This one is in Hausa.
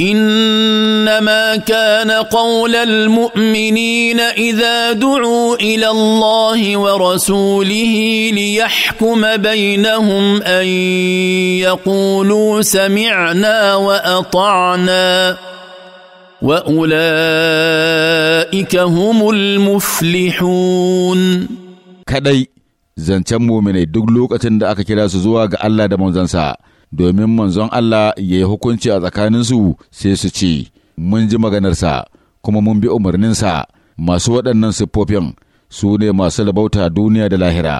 انما كان قول المؤمنين اذا دعوا الى الله ورسوله ليحكم بينهم ان يقولوا سمعنا واطعنا واولئك هم المفلحون كدي zancen من duk lokacin da زواج الله دمون zuwa domin manzon Allah ya yi hukunci a tsakaninsu sai su ce, Mun ji maganarsa, kuma mun bi umarninsa, masu waɗannan siffofin su ne masu labauta duniya da lahira.